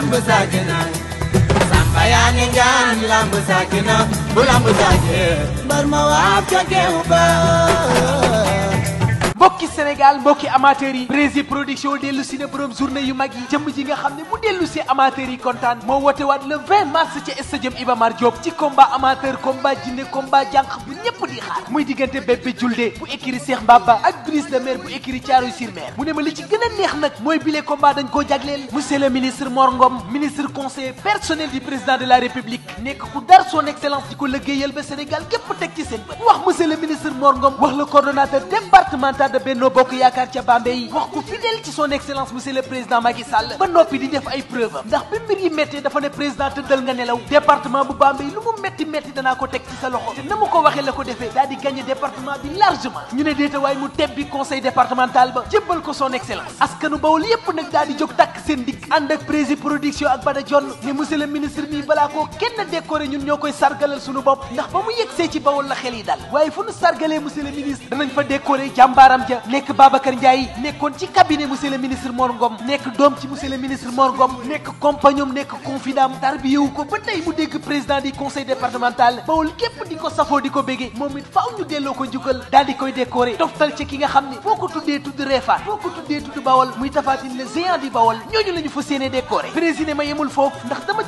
lamb saake na samba bu lamb saake mbar ma waaf ca keew ba mbokki Sénégal mbokki amateurs yi Brésil production dellu si na borom journée yu mag yi jëmm ji nga xam ne mu dellu si amateurs yi kontaan moo wote waat le 20 mars ci stadium Iba Mar Diop ci combat amateur combat jinne combat jànq bu ñëpp di xaar muy diggante Bébé Diouldé bu écrit Cheikh Mbaba ak Brice Lemaire bu écrit Thiaroye sur Mer mu ne ma li ci gën neex nag mooy bile combat dañ koo jagleel monsieur le ministre Mor Ngom ministre conseiller personnel du président la République nekk ku dar son excellence di képp teg wax monsieur wax le coordonnateur départemental da de Bokk Yaakaar ca Bambey wax ko fidèle ci son excellence monsieur le président Macky Sall ba noppi di def ay preuve am ndax bi mbir yi méttee dafa ne président tëddal nga nelaw département bu Bambey lu mu métti métti danaa ko teg ci sa loxo te na mu ko waxee la ko defee daal di gagné département bi largement ñu ne déeta waaye mu tebbi conseil départemental ba jébbal ko son excellence askanu Bawol yépp nag daal di jóg takk seen digg nekk Babacar Ndiaye nekkoon ci cabinet monsieur le ministre Mor nekk doom ci monsieur le ministre Mor nekk compagnon nekk confident tarbiyewu ko ba tey mu dégg président du conseil départemental Bawol képp di ko safoo di ko béggee moom it faaw ñu delloo ko njukkal daal di koy décorer toftal ci ki nga xam ne foo ko tuddee tudd Reefaat foo ko tuddee tudd Bawol muy tafaatin le géant di Bawol ñooñu la ñu fas yéene président ma yemul foofu ndax dama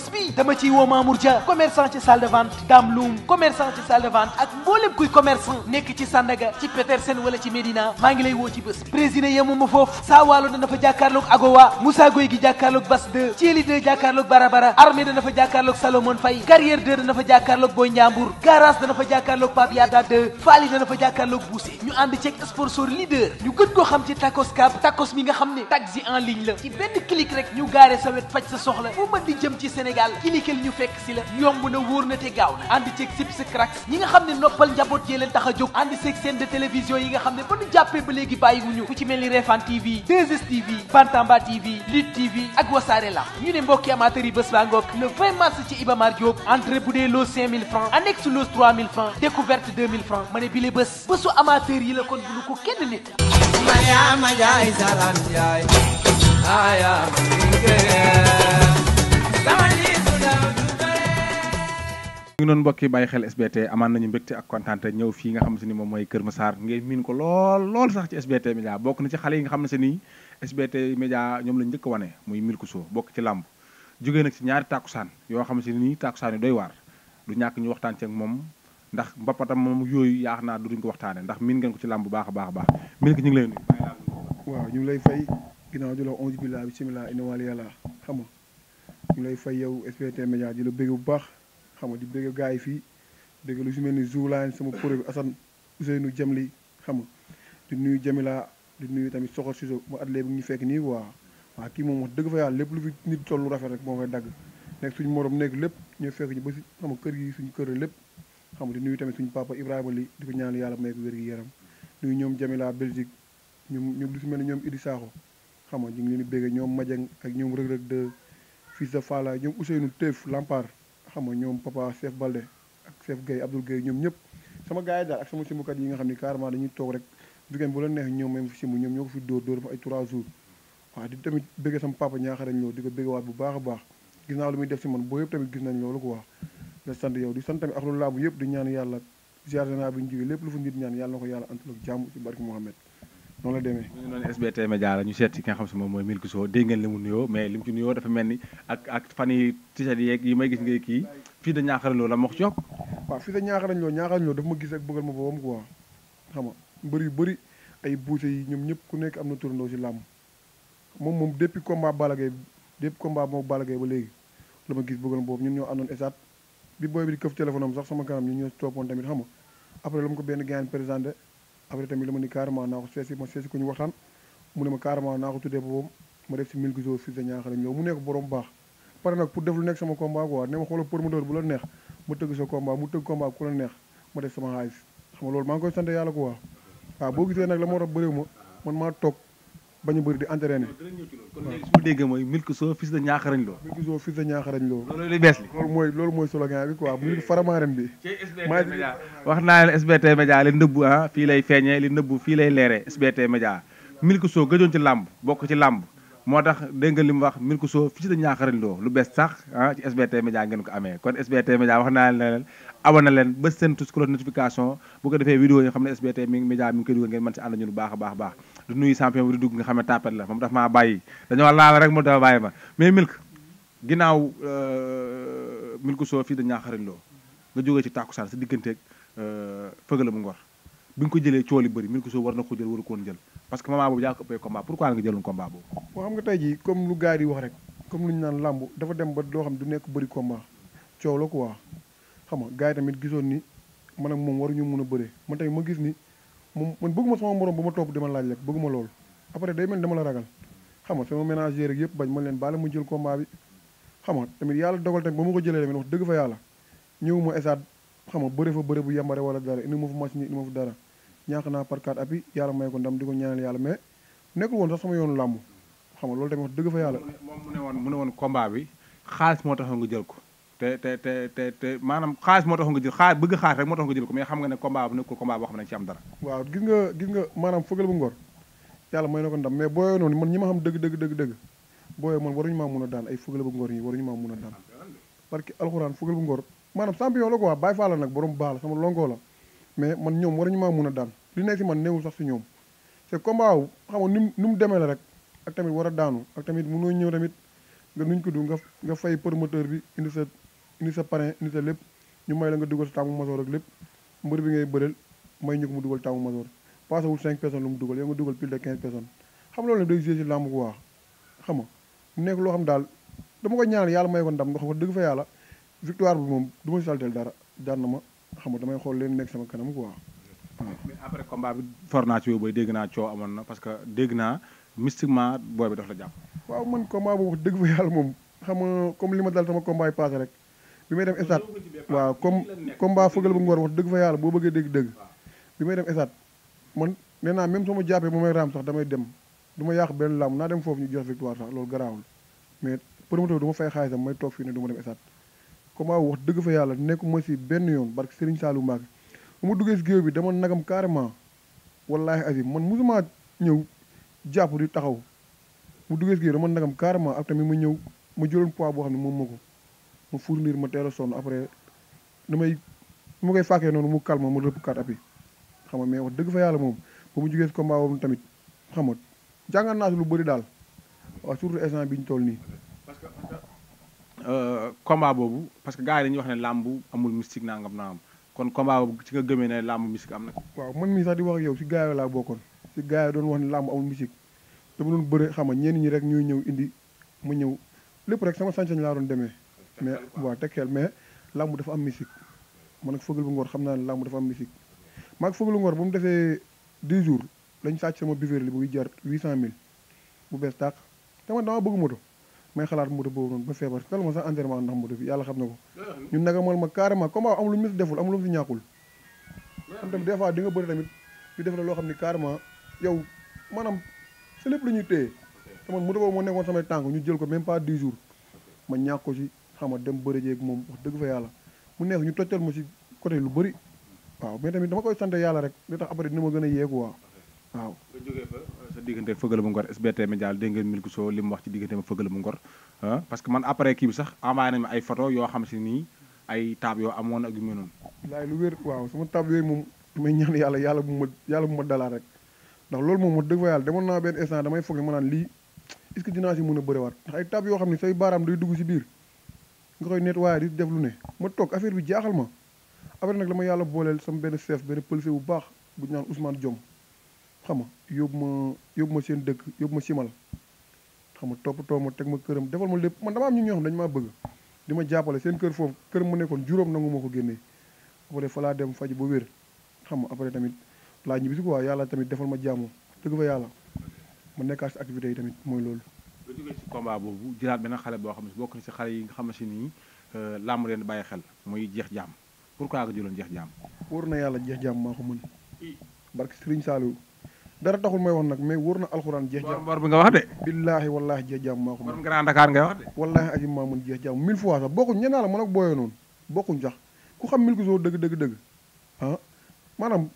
bés bi dama ciy woo Mamour Dia commerçant ci salle de vente Dame Loum commerçant ci salle de vente ak mboolem kuy commerçant nekk ci Sandaga ci Petersen wala ci Médina maa ngi lay woo ci bés président yemuma foofu saa dana fa jàkkaarloog Agowa Moussa Goy gi jàkkaarloog Bas 2 Thieli 2 jàkkaarloog Barabara armée dana fa jàkkaarloog Salomon Faye carrière 2 dana fa jàkkaarloog Boy Ndiambour garage dana fa jàkkaarloog Pape Yada Faali dana fa jàkkaarloog Boussé ñu ànd ceeg Sénégal clinique ñu fekk si la yomb na wóor na te gaaw na ànd sips cracks ñi nga xam ne noppal njaboot yee leen tax a jóg ànd ceeg seen de télévision yi nga xam ne ba ñu jàppee ba léegi bàyyiwuñu ku ci mel ni Refane TV 2STV Bantamba TV Lutte TV ak Wassare la ñu ne mbokki amateur yi bés baa ngoog le mars ci Iba Mar Diop entrée bu dee loose 5000 francs annexe loose ma ne bi le bés bésu yi la kon bu lu ko kenn nit Mariama Jaay Salam Jaay ñu ngi doon mbokk yi bàyyi xel SBT amaan nañu mbégte ak kontaan ñëw fii nga xam se ni moom mooy Kër ma saar ngeen miin ko lool lool sax ci SBT Média bokk na ci xale yi nga xam ne se ni SBT Média ñoom lañ jëkk a wane muy Milku Sow bokk ci làmb jógee nag ci ñaari saan yoo xam se ni tàkkusaan yi doy waar du ñàkk ñu waxtaan ci moom ndax mbappatam moom yooyu yaax naa duñ ko waxtaane ndax miin ngeen ko ci làmb bu baax a baax a baax Milku ñu ngi lay nuyu waaw ñu lay fay ginnaaw di la onze ñu lay fay yow SBT Média la bëgg bu baax xam nga di bëgg yi fii bëgg lu si mel ni Zouline sama pro bi Assane Ousseynou Jamli xam nga di nuyu Jamila di nuyu tamit soxor si so mu atlee bu ñu fekk nii quoi waaw kii moom wax dëgg fa yàlla lépp lu fi nit toll lu rafet rek moo fay dagg nekk suñu morom nekk lépp ñoo fekk ñu ba si xam kër gi suñ kër lépp xam nga di nuyu tamit suñu papa Ibrahima li di ko ñaan yàlla may ko wér gi yaram nuyu ñoom Jamila Belgique ñoom ñoom lu si mel ni ñoom Idi Sakho xam nga ñu ngi leen ñoom Majeng ak ñoom Rëg Rëg de fils de Falla ñoom Ousseynou Teuf Lampar xam nga ñoom papa Chef Balde ak Chef Gueye Abdoul Gueye ñoom ñëpp sama gars yi daal ak sama simbukat yi nga xam ni carrément dañuy toog rek weekend bu la neex ñoom même simbu ñoom ñoo ko fi dóor dóor fa ay 3 jours waaw di tamit bëgg sama papa ñaaxarañ loolu di ko bëgg waat bu baax a baax gis naa lu muy def si man boo yëpp tamit gis nañ loolu quoi la sant yow di sant tamit ak lu laabu yëpp di ñaan noonu la demee ñu ngi noonu SBT Média la ñu seet si ki xam si mooy Milky Sow dégg ngeen li nuyoo mais li ci nuyoo dafa mel ni ak fan yi t yi may gis ngay kii fii da ñaaxarañ loo la ma wax ci yokk waaw fii da ñaaxarañ loo ñaaxarañ loo dafa ma gis ak bëggal ma boobam yu bëri ay buuse yi ñoom ñëpp ku nekk am na turandoo làmb moom moom depuis combat Balla Gaye depuis combat moom Balla ba léegi la ma gis bëggal ma boobu ñun ñoo àndoon esaat bi booy bi di këf téléphone sax sama kanam ñun ñoo toppoon tamit xam nga après la mu ko benn gaan présenté après tamit la ma ni carrément naa ko seesi ma seesi ko ñu waxtaan mu ne ma carrément naa ko tuddee boppam ma def si mille giso si sa ñaaxaram ñëw mu nekk borom baax pare nag pour def lu nekk sama combat quoi ne ma xoolal promoteur bu la neex mu tëgg sa combat mu tëgg combat ku la neex ma def sama xaalis xam loolu maa ngi koy sant yàlla quoi waaw boo gisee nag la moo tax bëréew man maa toog bañ a bëri di entraîné. kon mooy Milk Sow fils de Niakharagne Lo. Milk Sow fils de Niakharagne Lo. loolu lu bees li loolu mooy loolu mooy slogan wax naa leen SBT Média li nëbbu ah fii lay feeñee li nëbbu fii lay leeree SBT Média Milk Sow gëjoon ci làmb bokk ci làmb moo tax dégg nga li mu wax Milk Sow fils de Niakharagne lu bees sax ah ci SBT Média ngeen ko amee kon SBT Média wax naa leen. abonné leen ba seen tous cloche notification bu ko defee vidéo yi xam ne SBT mi ngi ngeen mën si ànd ñun baax a baax baax du nuyu champion bu di dugg nga xam ne tapet la moom daf maa bàyyi dañoo laal rek mu dafa bàyyi ma mais milk ginnaaw euh, milk soo fii dañaa xarit loo nga jógee ci tàkkusaan sa digganteeg euh, fëgala mu ngor bi nga ko jëlee cooli bëri milk soo war na ko jël waru koon jël parce que moment boobu yaa ko ëppee combat pourquoi nga jëlul combat boobu waaw xam nga tey jii comme lu gars yi wax rek comme lu ñu naan làmb dafa dem ba loo xam du nekk bëri combat coow la quoi xam nga gars yi gisoon ni man ak moom waruñu mun a bëree man tamit ma gis ni moom man bëgguma sama morom bu ma topp di ma laaj rek bëgguma loolu après day mel dama la ragal xam nga sama ménagère rek yëpp bañ ma leen baale mu jël combat bi xam nga tamit yàlla dogal tamit ba ma ko jëlee tamit wax dëgg fa yàlla ñëwuma esaat xam nga bëre fa bëre bu yambare wala dara indi ma fu match ni indi ma dara ñàkk naa par quatre appuis yàlla may ko ndam di ko ñaanal yàlla mais nekkul woon sax sama yoonu làmb xam nga loolu tamit wax dëgg fa yàlla. moom mu ne woon mu ne woon combat bi xaalis moo tax nga jël ko. te te te te te maanaam xaalis moo tax nga jël xaar bëgg xaar rek moo tax nga jël ko mais xam nga ne combat bu nekkul combat boo xam ne ci am dara waaw gis nga gis nga maanaam fëgal bu ngor yàlla may na ko ndam mais booyoo noonu man ñi ma xam dëgg dëgg dëgg dëgg a daan ay fëgal bu ngor yi a daan que alxuraan fëgal bu ngor maanaam champion la quoi bàyyi faa la nag borom baax la sama lonko la mais man ñoom waruñu a li nekk si man néewul sax si ñoom c'est combat wu xam nga nu nu mu demee la rek ak tamit war a daanu ak tamit mënoo ñëw tamit nga nuñ ko du nga nga fay promoteur bi indi indi sa parrain indi sa lépp ñu may la nga dugal sa taamu masoor ak lépp mbër bi ngay bëreel may ñu ko mu dugal taamu masoor passé wul 5 personnes lu mu dugal yow nga dugal plus de 15 personnes xam loolu nag daal dama ko ñaanal yàlla may ko ndam ndax wax dëgg fa yàlla victoire bi moom du ma si salteel dara jaar na ma xam damay xool leen nekk sama kanam quoi waaw. mais après combat bi for naa dégg naa coow amoon na parce que dégg naa mystiquement booy bi daf la jàpp. waaw man combat boobu wax dëgg fa yàlla li ma dal sama combat yi passé rek bi may dem stade waaw comme combat fëgal bu ngoor wax dëgg fa yàlla boo bëggee dégg dëgg bi may dem stade man nee naa même sama jàppee bu may raam sax damay dem du ma yàq benn làmb naa dem foofu ñu jox victoire sax loolu garaawul mais promoteur du ma fay xaalisam may toog fii ne du ma dem stade combat wax dëgg fa yàlla nekkuma si benn yoon barke Serigne Saliou Mbacké bu ma duggee si géew bi dama nagam carrément wallaahi azim man musuma ñëw jàpp di taxaw mu duggee si géew dama nagam carrément ak tamit ma ñëw ma jëloon poids boo xam ne moom ma ko mu fournir ma teel a sonn après damay su ma koy fàkkee noonu mu calme ma rëpp kat abi xam nga mais wax dëgg fa yàlla moom ba mu jógee si combat boobu tamit xam nga jàngat naa lu bëri daal waaw surtout instant bi ñu toll nii. parce que euh, combat boobu parce que gars yi dañuy wax ne làmb amul mystique nangam naa am kon combat boobu ci nga gëmee ne làmb mystique am na. waaw man mii sax di wax yow si gars yi laa bokkoon si gars yi doon wax ne làmb amul mystique dama doon bëri xam nga ñenn ñi rek ñuy ñëw indi mu ñëw lépp rek sama sañ-sañ laa doon demee. mais waaw tegtal mais làmb dafa am musique man ak Feugeul bu Ngor xam naa ne làmb dafa am musique maa ngi Feugeul bu Ngor bu mu defee 10 jours lañ sàcc sama Beverly buy jar 800000 bu bees tàq te man dama bëgg moto may xalaat moto boobu noonu ba feebar tal sa sax entraînement ndax moto bi yàlla xam na ko ñun nag amal ma carrément comme am lu mu si deful am lu mu si ñàkkul xam tamit des fois di nga bëri tamit ñu def la loo xam ni carrément yow maanaam c'est lépp lu ñuy téye te man moto boobu moo nekkoon samay ñu jël ko même pas 10 jours ma ñàkk ko ci xam nga dem bëri jeeg moom wax dëgg fa yàlla mu neex ñu tojtal ma si côté lu bëri waaw mais tamit dama koy sant yàlla rek li tax après dina ma a yeeku waaw waaw. nga jógee fa euh, sa wax ci diggante ma Feugeula bu Ngor ah, parce que man après kii bi sax nii ay taab yoo amoon ak lu wér waaw sama taab yooyu moom yàlla yàlla bu ma yàlla bu ma dalaat rek ndax loolu moom wax dëgg fa yàlla demoon naa benn instant damay foog ne ma naan lii est-ce que si mën a bëriwaat ndax ay taab yoo xam ne say baaraam day dugg si biir nga koy nettoyer di def lu ne ma toog affaire bi jaaxal ma après nag la ma yàlla booleel sama benn chef benn policier bu baax bu ñu naan Ousmane Diom xam nga yóbbu ma yóbbu ma seen dëkk yóbbu ma simal xam nga toppatoo ma teg ma këram defal ma lépp man dama am ñu ñoo xam dañ maa bëgg di ma jàppale seen kër foofu kër mu nekkoon juróom nangu ma ko génnee après fa laa dem faj ba wér xam ma après tamit laa ñibbisi waa yàlla tamit defal ma jàmm dëgg yàlla ma nekkaat si activité yi tamit mooy loolu jógee ci boobu jëlaat benn xale boo xam ne bokk na ci yi nga xam ne nii euh, làmb leen bàyyi xel muy jeex jaam pourquoi nga jëloon jeex jaam. wóor na yàlla jeex jaam maa ko mën. barke Serigne Saliou dara taxul may wax nag mais wóor na alxuraan jeex jaam war bi nga wax de. billaahi wallaahi jeex jaam maa ko mën. Grand Dakar ngay wax de. wallaahi aji maa mën jeex jaam mille fois sax bokkuñ ñenaa la mën ak booyee noonu bokkuñ sax ku xam Milki soo dëgg dëgg dëgg ah maanaam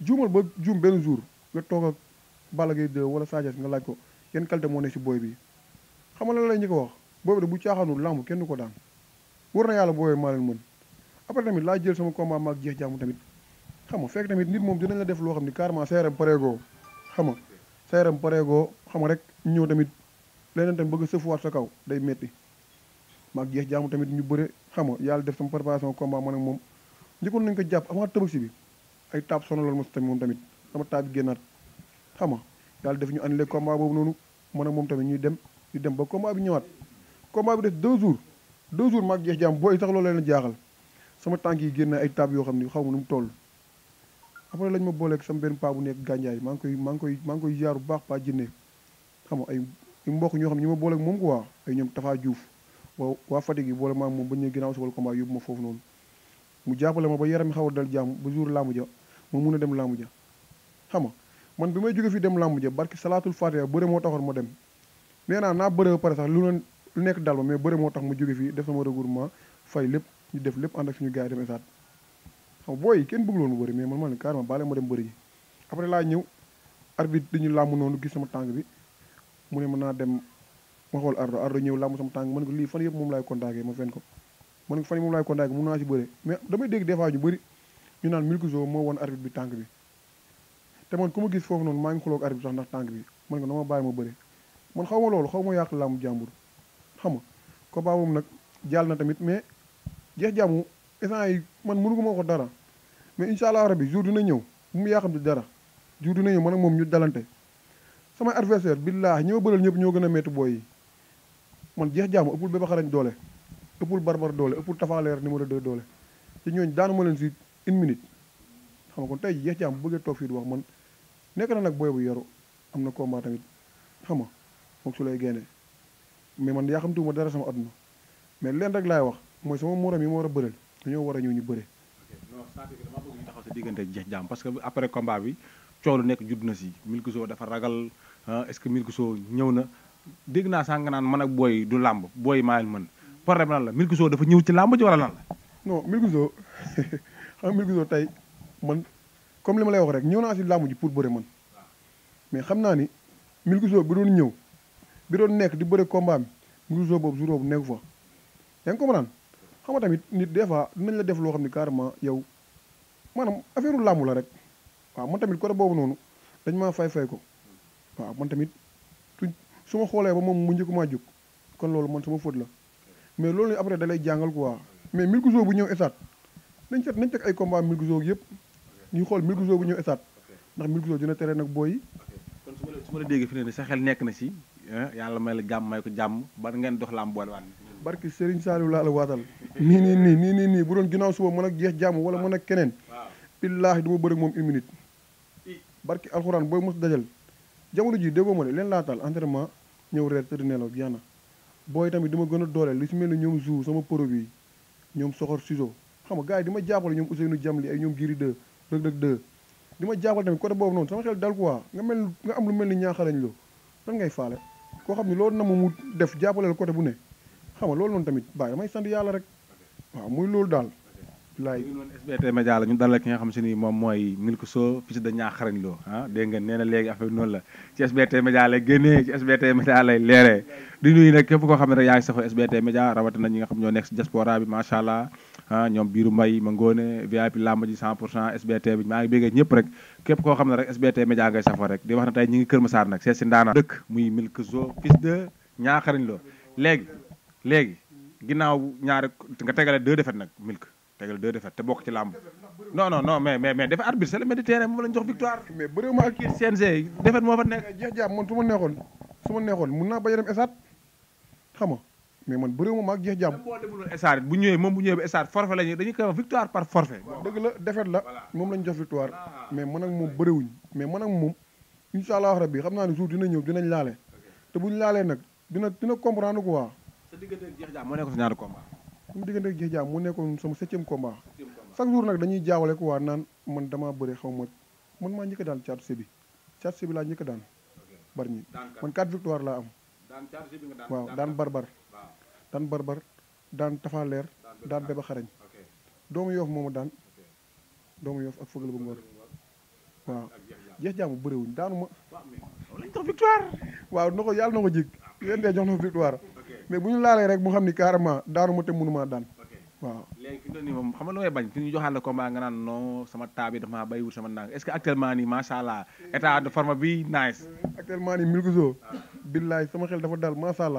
juumal ba juum benn jour nga toog ak Balla Gaye 2 wala Sa Thiès nga laaj ko yan qualité moo ne si booy bi xam nga lan lay ko wax boobu de bu caaxaanul làmb kenn du ko daan war na yàlla booyee maa leen mën après tamit laa jël sama combat maag jeex jàmm tamit xam nga fekk tamit nit moom dinañ la def loo xam ni carrément sa yaram pareegoo xam nga sa yaram pareegoo xam nga rek ñëw tamit leneen tamit bëgg a sëfuwaat kaw day metti maag jeex jàmm tamit ñu bëre xam nga yàlla def sama préparation combat man ak moom njëkkoon nañ ko jàpp avant tabaski bi ay taab sonaloon ma si moom tamit sama taab bi génnaat xam nga def ñu annulé combat boobu noonu man ak moom tamit ñuy dem ñu dem ba combat bi ñëwaat combat bi def deux jours deux jours maag jeex jaam booy sax loolu leen jaaxal sama tànk yi génn ay taab yoo xam ne xaw ma nu mu toll après lañ ma booleeg sama benn paa bu nekk gànjaay maa ngi koy maa ngi koy maa ngi koy jaar bu baax paa jinne xam nga ay mbokk ñoo xam ne ñu ma waa waa Fatick yi boole maa moom ba ñu ginnaaw sobal combat yóbbu ma foofu noonu mu jàppale ma ba yaram mi a dal jàmm ba jour laamu ja ma mun a dem laamu ja xam nga man bi may jóge fii dem laamu ja barki salaatul fatiha bëre moo taxoon ma dem nee naa naa bëre ba pare sax lu leen nekk dal ma mais bëre moo tax mu jóge fii def sama regroupement fay lépp ñu def lépp ànd ak suñu gars yi dem esaat xam booy kenn bëggul woon mu bëri mais man ma ne carrément baale dem laa ñëw arbitre dañu làmb noonu gis sama tànk bi mu ne mën naa dem ma xool ardo ardo ñëw làmb sama man ko lii fan yëpp moom laay contacté ma fen ko yi moom laay contacté mun naa si bëre mais damay dégg des fois ñu bëri ñu naan Milkzo moo won arbitre bi tànk bi te man ku ma gis foofu noonu maa ngi xuloo ak arbitre sax ndax tànk bi man ko na ma bàyyi ma bëre man xaw ma loolu xaw ma yàq làmb jàmbur xam nga combat nag jàll na tamit mais jeex jàmm instant yi man mënu ma ko dara mais incha allah rabi jour na ñëw bu mu yàqamti dara jour na ñëw man ak moom ñu dalante sama adversaire billaah ñi ma bëral ñëpp ñoo gën a métti booy yi man jeex jàmm ëppul Bébé Xarañ doole ëppul barbar doole ëppul tafaaleer numéro 2 doole te ñooñu daanu ma leen si une minute xam nga kon tey jeex jàmm bu bëggee toog fii di wax man nekk nag booy bu yaru am na combat tamit xam nga moom su lay mais man yaa xam tuuma dara sama àdduna mais leen rek laay wax mooy sama morom yi war a bëreel dañoo war a ñëw ñu bëre. non dama jeex jaam parce que après combat bi coow lu nekk judd na si Milk Zo dafa ragal ah, est-ce que Milk Zo ñëw na dégg naa sànq naan man ak booy du làmb booy maa leen mën problème lan la Milk Zo dafa ñëw ci làmb ji wala lan la. non Milk Zo tey man comme li ma lay wax rek ñëw naa si làmb ji pour bëre man mais xam naa ni Milk Zo bi doon ñëw. bi doon nekk di bëre combat bi mu ngi jour boobu jour boobu nekk fa yaa ngi comprendre tamit nit des fois dinañ la def loo xam ne carrément yow maanaam affaire làmb la rek waaw man tamit côté boobu noonu dañ maa fay fay ko waaw man tamit su ma xoolee ba moom mu njëkk maa jóg kon loolu man sama faute la mais loolu ne da lay jàngal quoi mais Milkzo bu ñëw état nañ fekk nañ fekk ay combat Milkzo yëpp ñu xool Milkzo bu ñëw état ndax Milkzo dina teree nag booy. kon la su ma la déggee fi ne sa nekk na si. Eh, yàlla may la jàmm may jàmm ba ngeen dox laam boole waat barki Serigne Saliou laa la waatal nii nii nii nii nii nii bu doon ginnaaw suba mën a jeex jàmm wala mën a keneen billaahi du ma bëri moom une minute barki alxuraan booy mos dajal jamono ji déggoo ma ne leen laataal entraînement ñëw reer tëdd nelaw jeex na booy tamit dama gën a dooleel lu ci mel ni ñoom jou sama pro bi ñoom soxor ciseau xam nga gars yi di ma jàppale ñoom Ousseynou Jamli ay ñoom Giri 2 Reug Reug 2 di ma jàppale tamit côté boobu noonu sama xel dal quoi nga mel nga am lu mel ni ñaaxalañ loo lan ngay faale koo xam ne loolu na mu def jàppaleel côté bu ne xam lool loolu noonu tamit bàyyi damay sant yàlla rek waaw muy loolu daal. laay ñu noonu SBT Média la ñu dalal ki nga xam si ni moom mooy Milk Sow fils de Niang Xarañ Lo ah, nee na léegi affaire noonu la ci SBT Média lay génnee ci SBT Média lay leeree di nuyu nag képp koo xam ne rek yaa ngi safoo SBT Média rawatina ñi nga xam ñoo nekk si diaspora bi macha allah ah ñoom biiru may ma ngoone VIP làmb ji pour cent SBT bi maa ngi ñëpp rek képp koo xam ne rek SBT média ngay safoo rek di wax ne tey ñi ngi Kër Massar nag seet ndaana dëkk muy Milk Zo fils de ñaaxariñ loo léegi léegi ginnaaw ñaari nga tegale deux défaites nag Milk tegal deux défaites te bokk ci làmb non non non mais mais mais dafa arbitre c'est le Méditerranée moom lañ jox victoire mais bëri ma ak CNG défaite moo fa nekk jeex jaam man ma neexoon su ma mun naa bañ a dem esat xam mais man bëriwuma maag jeex jàmm boo demuloon esaar bu ñëwee moom bu ñëwee ba esaar forfait la ñu dañu koy wax la défaite la moom la jox victoire ah. mais man ak moom bëriwuñ mais man ak moom xam naa ne jour dina dinañ laale te buñ laalee nag dina dina comprendre quoi sa diggante ak jeex jàmm moo nekkoon sa ñaari combat sama diggante ak jeex jàmm moo nekkoon sama septième jaawale quoi naan man damaa bëri xaw ma man maa njëkk daan caatu sébi caatu sébi laa njëkk daan bari ñi man quatre victoire laa am waaw daan barbar daan barbar daan tafaaleer daan beba xarañ doomu yoof moomu daan doomu yoof ak fëgale ba ngoor waaw jeex jaamu bëriwuñ daanu ma lañ tax victoire waaw na ko na ko jig ah. yéen dee jox na victoire mais bu ñu laalee rek mu xam ni carrément daanu te mënumaa daan waaw léegi fi mu xam nga lu may bañ fi ñu ne ko maa nga naan non sama taa bi dafa béy wut sama nang est-ce que actuellement nii macha allah état de forme bi nice actuellement nii Milkzo ah. billaay sama xel dafa dal macha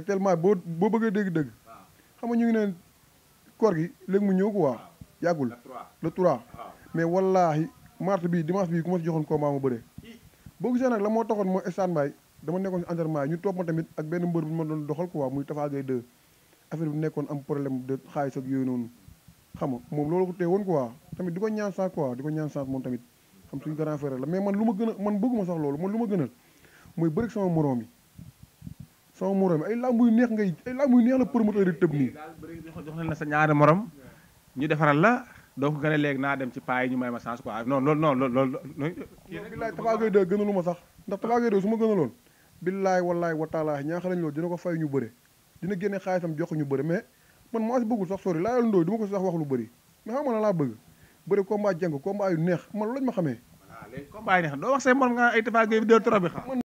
actuellement boo boo bëggee dégg-dégg xam nga ñu ngi neen koor gi léegi mu ñëw ko quoi yàggul le 3 mais wallaahi mars bi dimanche bii ku ma si joxoon combat ma bëree boo gisee nag la moo taxoon mooy instant mbaay dama nekkoon si entraînement ñu topp ma tamit ak benn mbër bu ma doon doxal quoi muy Tafa Gueye 2 affaire bi nekkoon am problème de xaalis ak yooyu noonu xam nga moom loolu ko tee woon quoi tamit di ko ñaan sans quoi di ko ñaan sans moom tamit xam suñu grand frère la mais man lu ma gën a man bëgguma sax loolu man lu ma gënal mooy bëri sama moroom yi sama morom ay lamb yu neex ngay ay lamb yu neex la promoteur yi tëb nii. jox sa ñaari morom ñu defaral la donc gën a léegi naa dem ci paa yi ñu may ma chance quoi non non non loolu. billaay ma sax ndax Tapha Gueye de su ma gënaloon billaay wallaay wa taala ñaax lañ loolu dina ko fay ñu bëre dina génne xaalisam jox ñu bëre mais man ma si bëggul sax sori laayal ndooy du ma ko sax wax lu bëri mais xam nga laa bëgg bëri combat jàng combat yu neex man lañ ma xamee. waaw léegi combat yi neex doo wax say morom nga